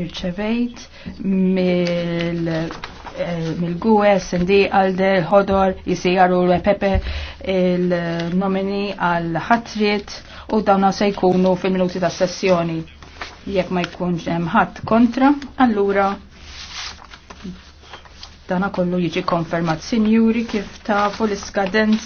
irċevejt eh, mill-GUE, mil SND, Alde, Hodor, l u Pepe il-nomini għal ħatriet u dawna se jkunu fil-minuti ta' sessjoni. Jekk ma jkunx hemm ħadd kontra, allura dana kollu jiġi konfermat. Sinjuri kif tafu l-iskadenza